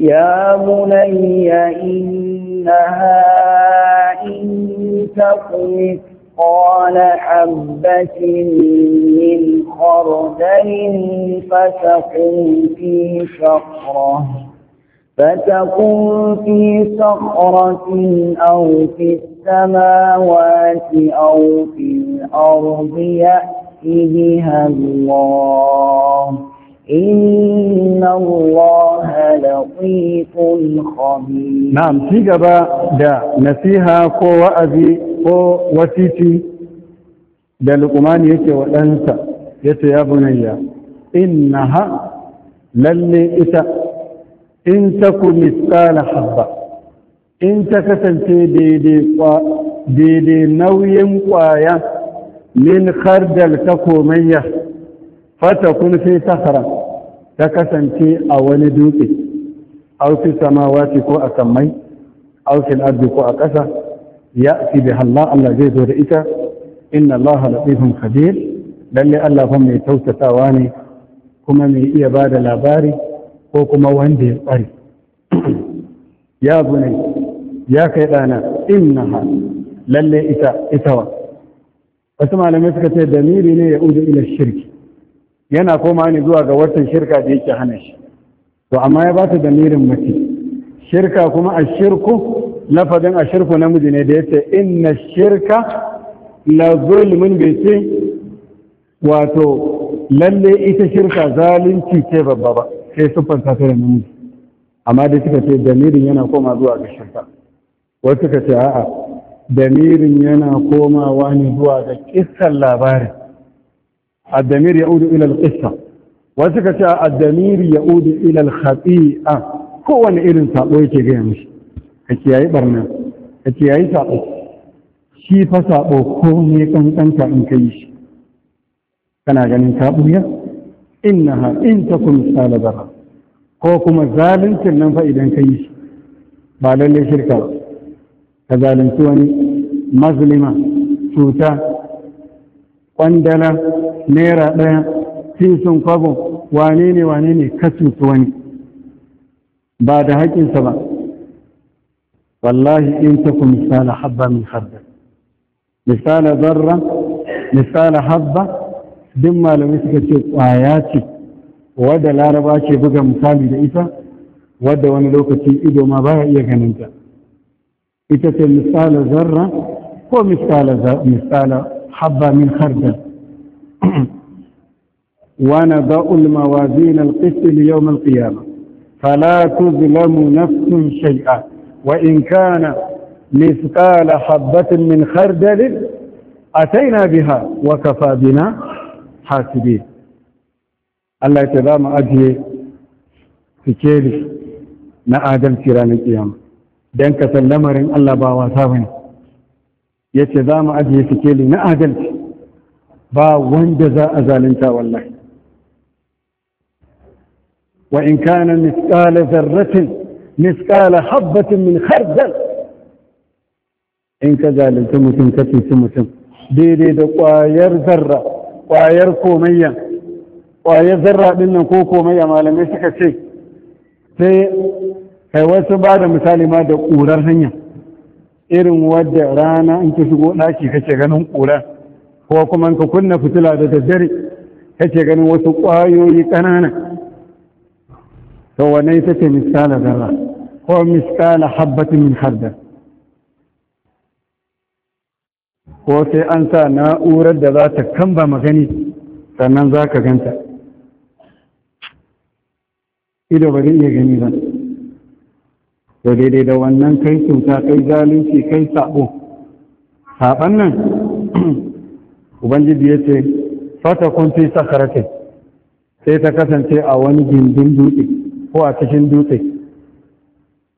يا بني إنها إن تقلت قال حبة من خردل فتقوم في شقرة فتقم في صخرة أو في السماوات أو في الأرض يأتي بها الله na'am ci gaba da nasiha ko wa'azi ko wasiti da lukumani yake waɗansa ya ce ya bunayya ha lalle ita in ta ku misala habba in ta kasance daidai nauyin ƙwaya min khardal ta komayya fata kun fi sakara ta kasance a wani dutse aw fi samawati ko a sammai aw fil ko a ƙasa ya'ti bi Allah Allah zai zo da ita inna Allah latifun khabir lalle Allah fa mai tausatawa ne kuma mai iya ba da labari ko kuma wanda ya tsare ya bunai ya kai dana innaha lalle ita ita wa wasu malamai suka ce damiri ne ya udu ila shirki yana koma ne zuwa ga watan shirka da yake hana shi to amma ya bata damirin mace shirka kuma a shirku lafazin a shirku namiji ne da yace inna shirka la zulmun bai ce wato lalle ita shirka zalunci ce babba ba sai siffanta ta da namiji amma dai suka ce damirin yana koma zuwa ga shirka wasu suka ce a'a damirin yana komawa ne zuwa ga kissan labarin الضمير يعود إلى القصة وسكة الضمير يعود إلى الخطيئة هو أن إذن سأقوي كيغيمش كيكياي برنا كيكياي سأقوي shi fa sabo komai kankanta in kai shi kana ganin ka buya innaha in takum misala zarra ko kuma zaluncin nan fa idan kai shi ba lallai shirka ka zalunci wani mazlima cuta kwandala naira ɗaya sisin kwabo wane ne wane ne kacutu wani ba da haƙinsa ba wallahi in ta ku misala habba min harda misala zarra misala habba duk malamai suka ce ƙwaya ce wadda laraba ce buga misali da ita wadda wani lokaci ido ma baya iya ganinta ita ce misala zarra ko misala habba min harda ونبا الموازين القسط ليوم القيامه فلا تظلم نفس شيئا وان كان مثقال حبه من خردل اتينا بها وكفى بنا حاسبين الله تعالى ما اجي فكيري نا ادم كيران القيامه دنك سلمرن الله باوا ثابن ما اجي فكيري نا ادم ba wanda za a zalunta wallahi wa in kana misqala zarratin misqala habatin min khardal in ka zalunta mutum ka cuci mutum daidai da ƙwayar zarra ƙwayar komayya ƙwayar zarra din nan ko komayya malamai suka ce sai kai wasu ba da misali ma da ƙurar hanya irin wadda rana in ka shigo daki kake ganin ƙurar ko kuma ka kunna fitila da daddare kake ganin wasu ƙwayoyi ƙanana to wannan ita ce misala zarra ko misala habbatin min harda ko sai an sa na'urar da za ta kamba magani sannan za ka ganta ido ba zai iya gani ba to daidai da wannan kai cuta kai zalunci kai sabo saban nan ubangiji ya ce fata kun fi sakaratin sai ta kasance a wani gindin dutse ko a cikin dutse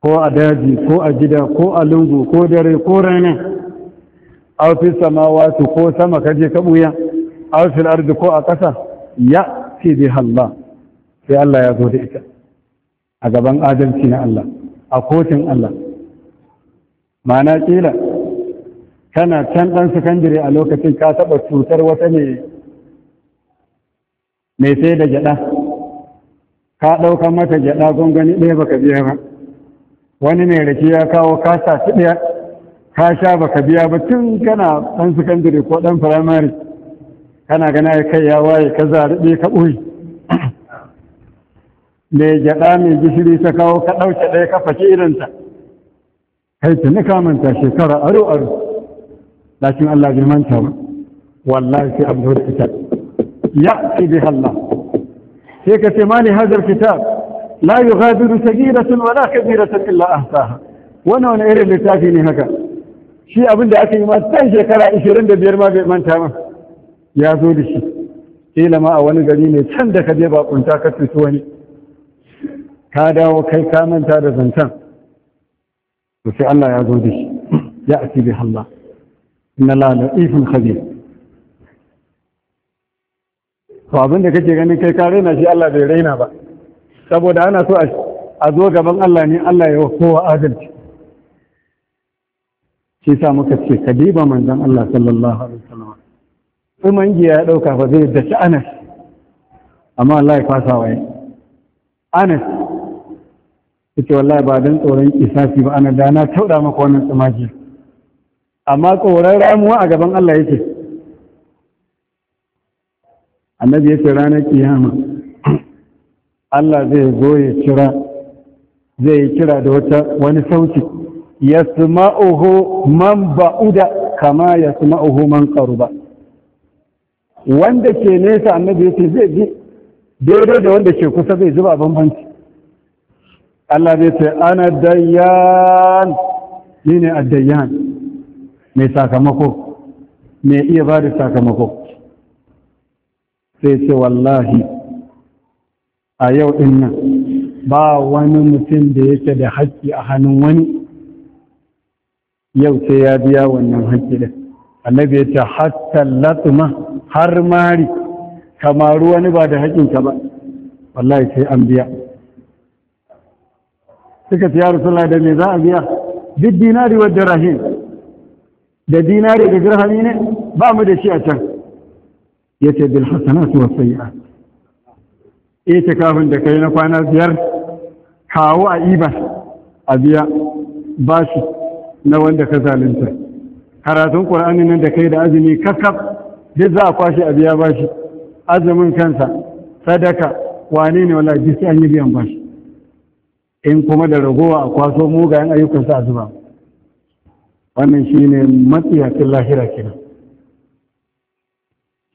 ko a daji ko a gida ko a lungu ko dare ko rana aw sama ko sama kaje ka buya aw fil ko a ƙasa ya ce bi halla sai Allah ya zo da ita a gaban adalci na Allah a kotun Allah ma'ana kila kana can ɗan sakandire a lokacin ka taɓa cutar wata ne mai sai da gyaɗa ka ɗauka mata gyaɗa gongani ɗaya baka biya ba wani mai rake ya kawo ka saci ɗaya ka sha baka biya ba tun kana ɗan sakandire ko ɗan firamare kana gana ya kai ya waye ka zaɓe ka ɓoye mai gyaɗa mai gishiri ta kawo ka ɗauke ɗaya ka fashe irinta kai tuni ka manta shekara aro aro lakin Allah bai manta ba wallahi sai abu da kitab ya'ti biha Allah sai ka ce mali hadar kitab la yughadiru sagiratan wala kabiratan illa ahsaha wannan wani irin littafi ne haka shi abin da aka yi ma san shekara 25 ma bai manta ba ya zo da shi kila ma a wani gari ne can da ka je ba kunta ka cuci wani ka dawo kai ka manta da zantan to sai Allah ya zo da shi ya ati Allah Na الله ifin خبير to abin da kake ganin kai ka raina shi Allah bai raina ba saboda ana so a zo gaban Allah ne Allah ya kowa adalci shi sa muka ce ka diba manzon Allah sallallahu alaihi wasallam in giya ya dauka fa zai shi Anas amma Allah ya fasa waye Anas kace wallahi ba dan tsoron kisafi ba ana da na tauda maka wannan tsumaji amma tsoron ramuwa a gaban Allah yake annabi ya ce ranar kiyama Allah zai zo ya kira zai yi kira da wata wani sauti ya suma'uhu man ba'uda kama ya suma'uhu man ba. wanda ke nesa annabi ce zai ji daidai da wanda ke kusa zai zuba bambanci Allah zai ce ana dayan ni ne dayan mai sakamako mai iya ba da sakamako sai ce wallahi a yau ɗin nan ba wani mutum da yake da haƙƙi a hannun wani yau sai ya biya wannan haƙƙi da annabi ya ce hatta latuma har mari kamaru wani ba da haƙƙinka ba wallahi sai an biya suka ce ya da me za a biya duk dinari wadda rahim da dinari da dirhami ne ba mu da shi a can ya ce bil hasanatu wa sayyi'at ita eh, kafin da kai na kwana biyar kawo a iba a biya shi na wanda ka zalunta karatun qur'ani nan da kai da azumi kakkaf duk za a kwashe a biya bashi azumin kansa sadaka wane ne wala duk sai an yi biyan shi in kuma da ragowa a kwaso mugayen ayyukansa a zuba wannan shi ne matsiyacin lahira kenan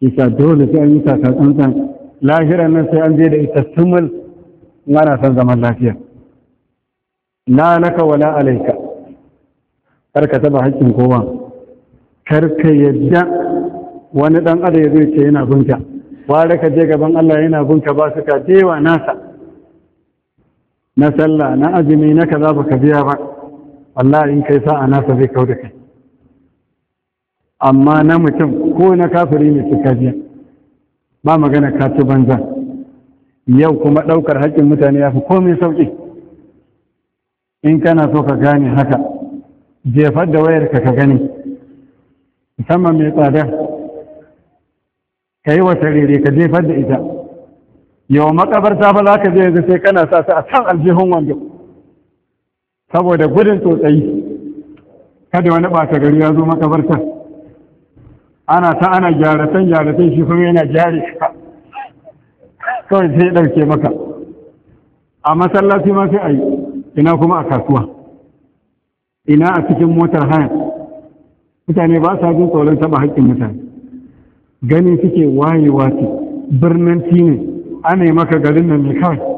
isa dole sai an yi takatsantsan lahira nan sai an je da ita sumul ana son zaman lafiya na naka wala alaika kar ka taba haƙƙin kowa kar ka yadda wani ɗan adam ya ce yana bunka ware ka je gaban Allah yana bunka ba su ka dewa nasa na sallah na azumi na ba ka biya ba Allah in kai sa'a nasa zai kau da kai amma na mutum ko na kafiri ne suka biya ba magana ka banza yau kuma ɗaukar haƙƙin mutane ya fi komai sauƙi in kana so ka gane haka jefar da wayarka ka gani musamman mai tsada ka yi wata rere ka jefar da ita yau makabarta ba za ka je yanzu sai kana sa su a can aljihun wando saboda gudun tsotsayi kada wani ɓata gari ya zo makabarta ana ta ana gyaratan gyaratan shi kuma yana gyare kawai sai ɗauke maka a masallaci ma sai a yi ina kuma a kasuwa ina a cikin motar haya mutane ba sa jin tsoron taɓa haƙƙin mutane gani suke wayewa ce birnin ne ana yi maka garin nan ne kawai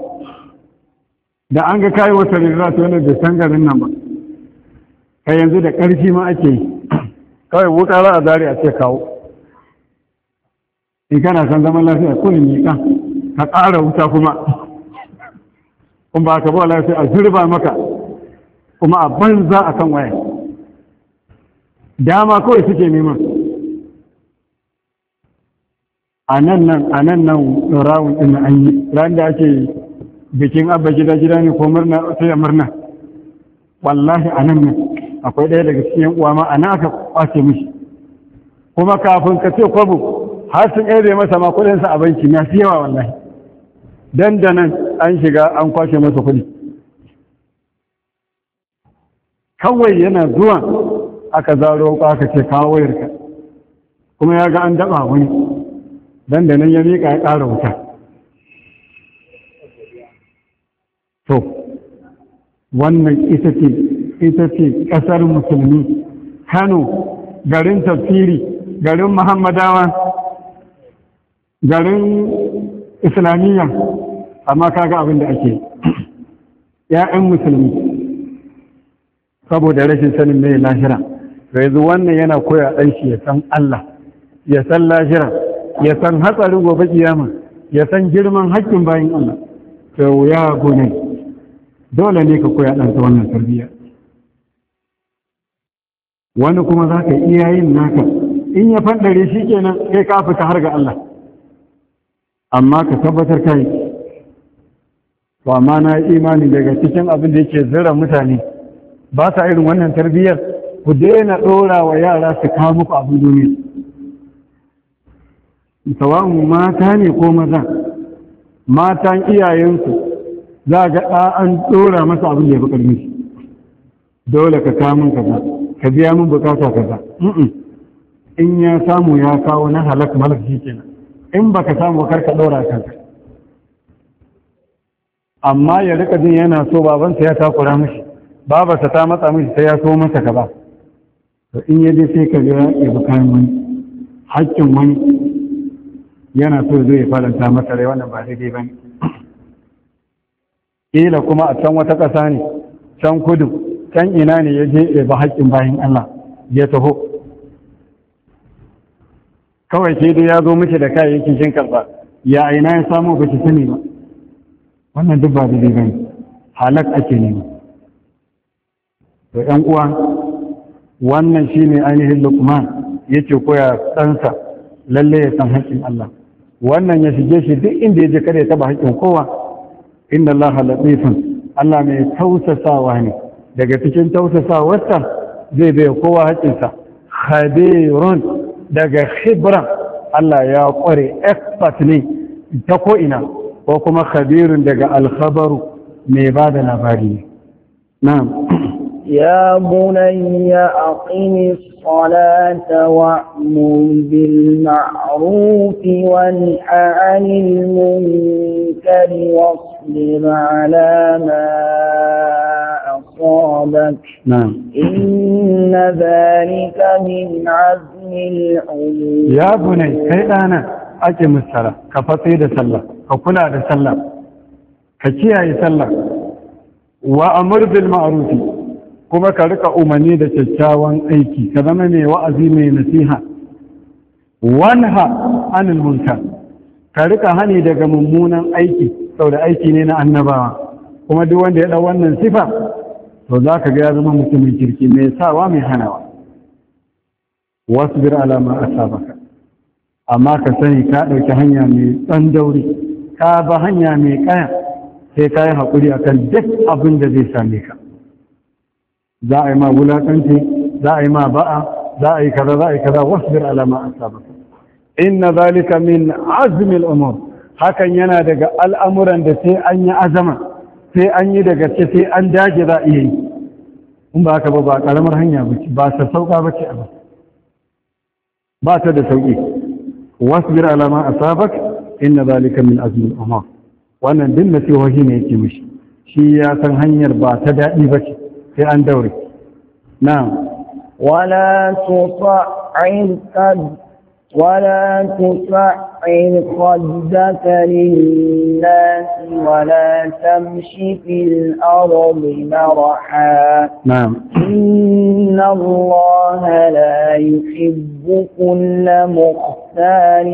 da an ga kayi wata rira ta wani da san garin nan ba kai yanzu da ƙarfi ma ake yi kawai wuta za a zari a ce kawo in kana san zaman lafiya ko ne ka ka ƙara wuta kuma Kuma ba ka ba lafiya a zurba maka kuma a banza a kan waya dama kawai suke neman a nan nan a nan nan rawun ɗin an yi ran da ake bikin abba gida gida ne ko murna sai murna wallahi a nan akwai ɗaya daga cikin uwa ma nan aka kwace mishi kuma kafin ka ce kwabo har sun ɗaya masa ma kuɗinsa a banki na fi yawa wallahi dan da nan an shiga an kwashe masa kuɗi kawai yana zuwa aka zaro ko aka ce kawo wayarka kuma ya ga an daɓa wani dan da nan ya miƙa ya ƙara wuta to wannan ita ce ƙasar musulmi kano garin tafsiri garin muhammadawa garin islamiyya amma kaga abin da ake ‘ya'yan musulmi saboda rashin sanin mai lahira ga yanzu wannan yana koya ɗanshi ya san Allah ya san lahira ya san hatsarin gobe kiyama ya san girman hakkin bayan Allah to ya gune dole ne ka koya ɗansa wannan tarbiyya wani kuma za ka iya yin naka in ya fandare shi kenan kai ka fita har ga Allah amma ka tabbatar kai to amma na yi imani daga cikin abin da yake zira mutane ba sa irin wannan tarbiyyar ku daina ɗora wa yara su kawo muku abin duniya sawa'un mata ne ko maza matan iyayensu za ga ɗa an ɗora masa abin da ya fi ƙarfi dole ka kamun kaza ka biya min bukata kaza in ya samu ya kawo na halak malak shi kenan in ka samu kar ka ɗora kanka amma ya rika jin yana so babansa ya takura mishi babarsa ta matsa mishi ta ya so masa gaba to in ya je sai ka ga ya bi kayan wani hakkin wani yana so zai faranta masa rai wannan ba daidai ba ne ƙila kuma a can wata ƙasa ne can kudu can ina ne ya je ba haƙƙin bayan Allah ya taho kawai ke dai ya zo miki da kayayyakin kin karɓa ya aina ya samu ba ki sani ba wannan duk ba daidai bane halak ake nema to ƴan uwa wannan shine ainihin Luqman yace koya ɗansa lalle ya san haƙƙin Allah wannan ya shige shi duk inda ya je kada ya taba haƙƙin kowa inna Allah latifun Allah mai tausasawa ne daga cikin tausasawarsa zai bai kowa haƙinsa khabirun daga khibra Allah ya kware expert ne ta ko ina ko kuma khabirun daga alkhabaru mai ba da labari na'am يا بني أقم الصلاة وأمر بالمعروف وانح عن المنكر واصبر على ما أصابك نعم إن ذلك من عزم الأمور يا بني كي أنا أقم الصلاة كفصيد صلى كفلا صلى كشيعي صلى وأمر بالمعروف kuma ka rika umarni da kyakkyawan aiki ka zama mai wa'azi mai nasiha wanha anil munka ka rika hani daga mummunan aiki saboda aiki ne na annabawa kuma duk wanda ya ɗau wannan sifa to za ka ga ya zama mutumin kirki mai sawa mai hanawa wasbir ala ma asabaka amma ka sani ka ɗauki hanya mai ɗan dauri ka ba hanya mai ƙaya sai ka yi haƙuri akan duk abin da zai same ka za a yi ma wulaƙanci za a yi ma ba'a za a yi kaza za a yi kaza wasbir alama ma asabaka inna zalika min azumin al-umur hakan yana daga al'amuran da sai an yi azama sai an yi daga ce sai an dage za a yi in ba ka ba ba karamar hanya ba ce ba ta sauka ba ce a ba ta da sauki wasbir alama a asabak inna zalika min azumin al-umur wannan din nasihohi ne yake mishi shi ya san hanyar ba ta daɗi ba ce في أن دوري نعم ولا تصعد قد ولا تصعد خدك للناس ولا تمشي في الأرض مرحا نعم إن الله لا يحب كل مختال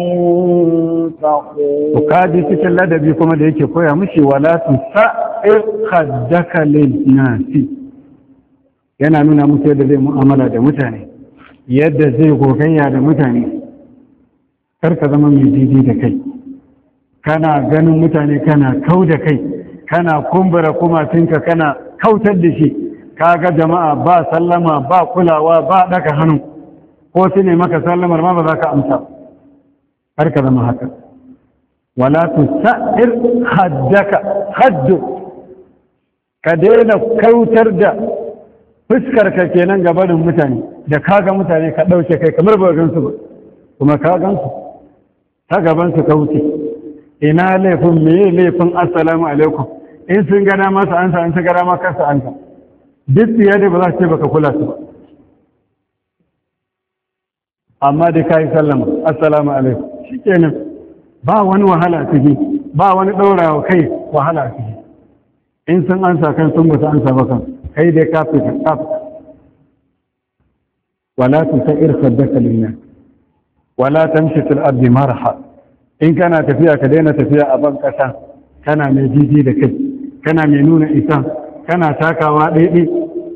فخور وكادي تتلدى بكم ليك فيها مشي ولا تصعد خدك للناس yana nuna musu yadda zai mu'amala da mutane yadda zai gogayya da mutane karka zama mai didi da kai kana ganin mutane kana kau da kai kana kumbura kumatinka kana kautar da shi kaga jama'a ba sallama ba kulawa ba daga hannu ko su ne maka sallamar ma ba za ka amsa karka zama haka wala sa'ir haddaka haddu ka daina kautar da fuskar ka kenan ga barin mutane da kaga mutane ka ɗauke kai kamar ba gansu ba kuma ka gansu ta gaban su ka wuce ina laifin me laifin assalamu alaikum in sun gana masa ansa in sun gana ma kansa ansa duk ya da ba za su ce baka kula su ba amma dai yi sallama assalamu alaikum kenan ba wani wahala ciki ba wani ɗaurawa kai wahala ciki in sun ansa kan sun ba su ansa ba kansu kai dai ka fi tsaf wala tusair saddaka linnas wala tamshi fil ardi marha in kana tafiya ka daina tafiya a ban kasa kana mai jiji da kai kana mai nuna isa kana takawa daidai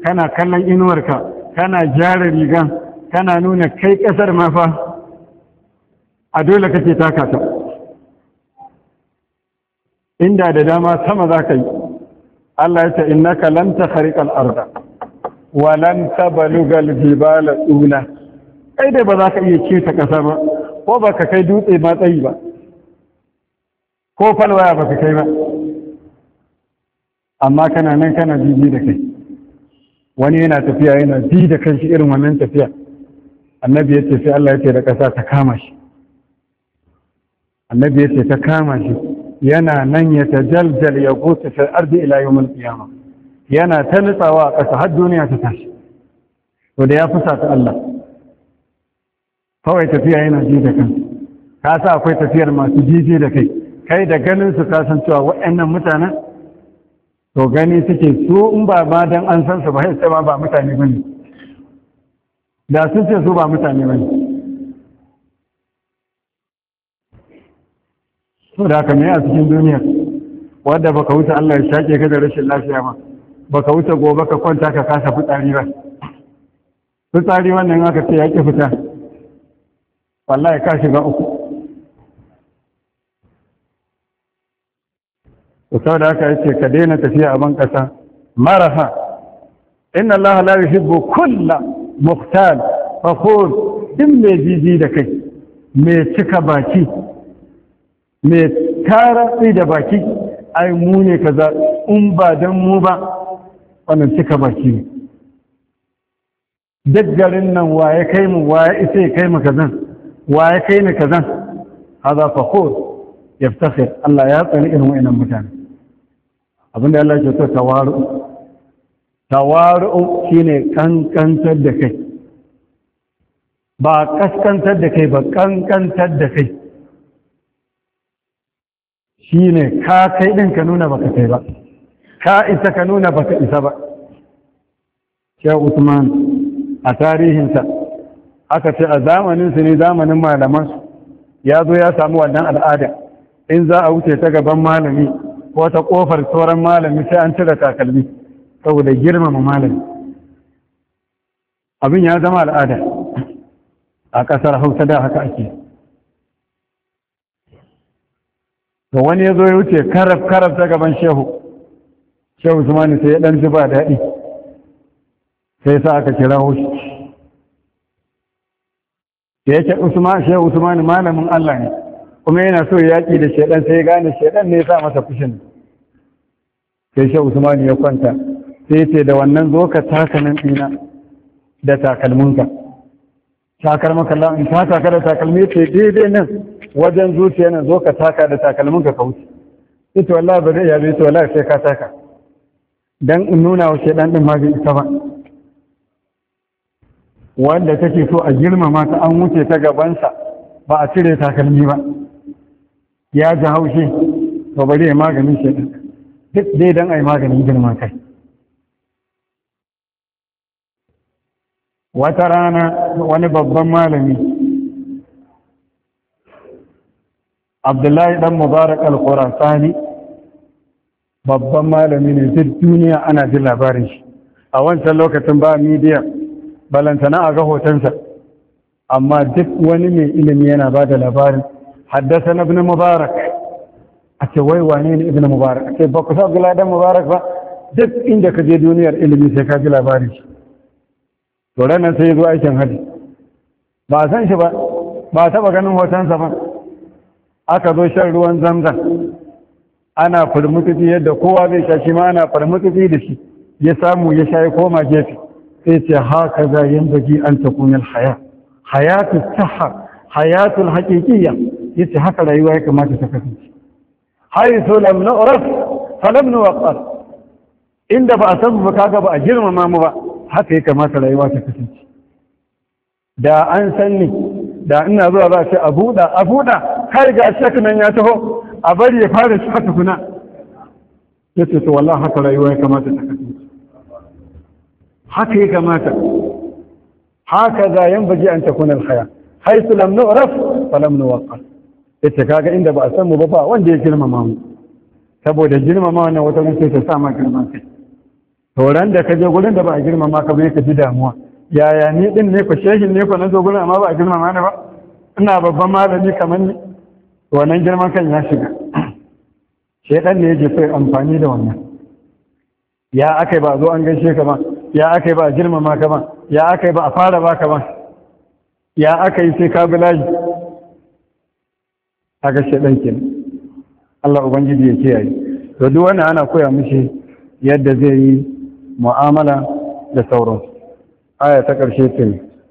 kana kallon inuwarka kana jara rigan kana nuna kai kasar ma fa a dole kake taka ta inda da dama sama za ka yi Allah ya ce innaka lan takhriqal arda wa lan tablugal jibala tula kai dai ba za ka iya keta kasa ba ko ba ka kai dutse ma tsayi ba ko falwaya ba ka kai ba amma kana nan kana jiji da kai wani yana tafiya yana ji da kanshi irin wannan tafiya annabi ya ce sai Allah ya ce da ƙasa ta kama shi annabi ya ce ta kama shi yana nan ya tajaljal ya gusa fil ardi ila yawmil qiyamah yana ta nutsawa a ƙasa har duniya ta tashi to da ya fusa ta Allah kawai tafiya yana ji da kansa ka sa akwai tafiyar masu jiji da kai kai da ganin su ka san cewa waɗannan mutanen to gani suke su in ba ma dan an san su ba sai ba mutane bane da sun ce su ba mutane bane so da haka ne a cikin duniya wadda baka wuce Allah ya shaƙe ka da rashin lafiya ba baka wuce gobe ka kwanta ka kasa fitsari ba fitsari wannan aka ce ya ƙi fita wallahi ka shiga uku sau da aka yace ka daina tafiya a ban ƙasa maraha inna Allah la yuhibbu kulla muqtal fakhur in mai jiji da kai mai cika baki mai tara tsaye da baki ai mu ne kaza in ba don mu ba wannan cika baki ne duk garin nan waye kai mu waye isa ya kai mu kazan waye kai ni kazan haza fakhur yaftakhir Allah ya tsani irin wayannan mutane abinda Allah ya ce tawaru tawaru shine kankantar da kai ba kaskantar da kai ba kankantar da kai shine ka kai din ka nuna baka kai ba ka isa ka nuna baka isa ba Shehu Usman a tarihinsa aka ce a zamanin su ne zamanin su ya zo ya samu wannan al'ada in za a wuce ta gaban malami ko ta kofar sauran malami sai an cire takalmi saboda girmama malami abin ya zama al'ada a ƙasar hausa da haka ake to wani ya zo ya wuce karaf karaf ta gaban shehu shehu usmani sai ya dan ji ba daɗi sai sa aka kira shi da yake usman shehu usmani malamin Allah ne kuma yana so yaƙi da shedan sai ya gane shedan ne ya sa masa fushin sai shehu usmani ya kwanta sai ce da wannan zo ka taka nan ɗina da takalminka takalmaka in ta taka da takalmi ce daidai nan wajen zuciya na zo ka taka da takalmin ka kauce ita wallahi ba zai iya ita, wallahi sai ka taka dan in nuna wa dan din ma zai isa ba wanda take so a girmama ta an wuce ta gabansa ba a cire takalmi ba ya ji haushi to bari ya maganin shedan duk dai dan ai maganin girma kai wata rana wani babban malami abdullahi dan mubarak al-khurasani babban malami ne duk duniya ana jin labarin shi a wancan lokacin ba midiya balantana a ga hotonsa amma duk wani mai ilimi yana ba da labarin haddasa na ibn mubarak a ce wai wane ne ibn mubarak a ce ba ku sa abdullahi mubarak ba duk inda ka je duniyar ilimi sai ka ji labarin shi to ranar sai ya zo aikin hajji ba san shi ba ba taba ganin hotonsa ba aka zo shan ruwan zamzam ana farmutufi yadda kowa zai sha shi ma ana farmutufi da shi ya samu ya sha ya koma gefe sai ce haka za yin baji an kunyar haya hayatul saha hayatul haƙiƙiyya ya ce haka rayuwa ya kamata ta kasance Har so lam na uraf falam na waƙar inda ba a san mu kaga ba a girmama mu ba haka ya kamata rayuwa ta kasance da an san ni da ina zuwa za a ce a buɗa a buɗa har ga shek nan ya taho a bari ya fara sha tukuna ya ce to wallah haka rayuwa ya kamata ta kasance haka ya kamata haka za yan baji an takuna alhaya haisu lam nu'raf fa lam ya yace kaga inda ba a san mu ba ba wanda ya girmama mu saboda girmama wannan wata mutum ta sa ma girman kai ran da ka je gurin da ba a girmama ka bai ka ji damuwa yaya ni din ne ko shehin ne ko na zo gurin amma ba a girmama ni ba ina babban malami kamar ni wannan girman kan ya shiga shaidan ne yake sai amfani da wannan ya aka ba zo an gaishe ka ba ya aka ba girmama ka ba ya aka ba a fara ba ka ba ya aka yi sai ka bilaji layi haka shaidan ke Allah ubangiji ya kiyaye to duk wannan ana koya mishi yadda zai yi mu'amala da sauransu aya ta ƙarshe ce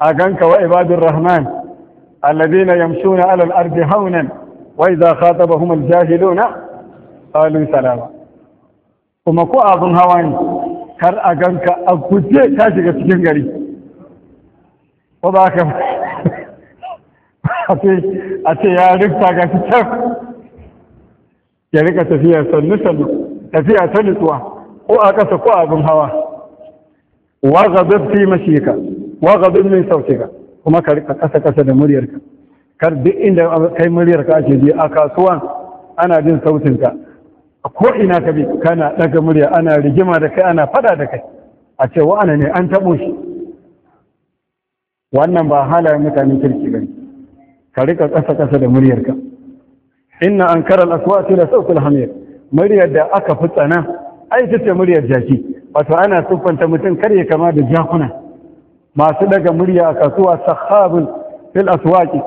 a ganka wa ibadur rahman alladhina yamshuna ala al-ardi hawnan wa idza khatabahum al-jahiluna qalu salama kuma ko abun hawa ne kar a ganka a guje ka shiga cikin gari ko ba ka a ce ya rufta ga can ya rika tafiya ta nutsuwa ko a ƙasa ko abin hawa wa zabab fi mashika wa gabin min ka, kuma ka rika kasa kasa da muryarka kar duk inda kai muryarka ake bi a kasuwan ana jin sautin ka, a ko ina ka bi kana daga murya ana rigima da kai ana fada da kai a ce wa ana ne an tabo shi wannan ba halayen mutanen kirki bane ka rika kasa kasa da muryarka inna ankara al-aswati la sawtul hamir muryar da aka fitsana ai ta ce muryar jaki wato ana siffanta mutum kar ya kama da jakuna masu daga murya a kasuwa sahabin fil aswaki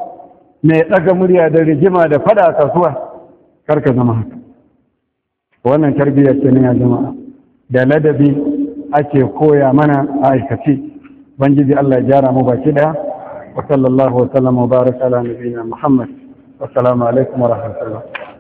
mai daga murya da rigima da fada a kasuwa karka zama haka wannan tarbiyyar ce ne ya jama'a da ladabi ake koya mana a aikace bangiji Allah ya gyara mu baki daya wa sallallahu wa sallam wa baraka ala nabiyina Muhammad wa assalamu alaikum wa rahmatullah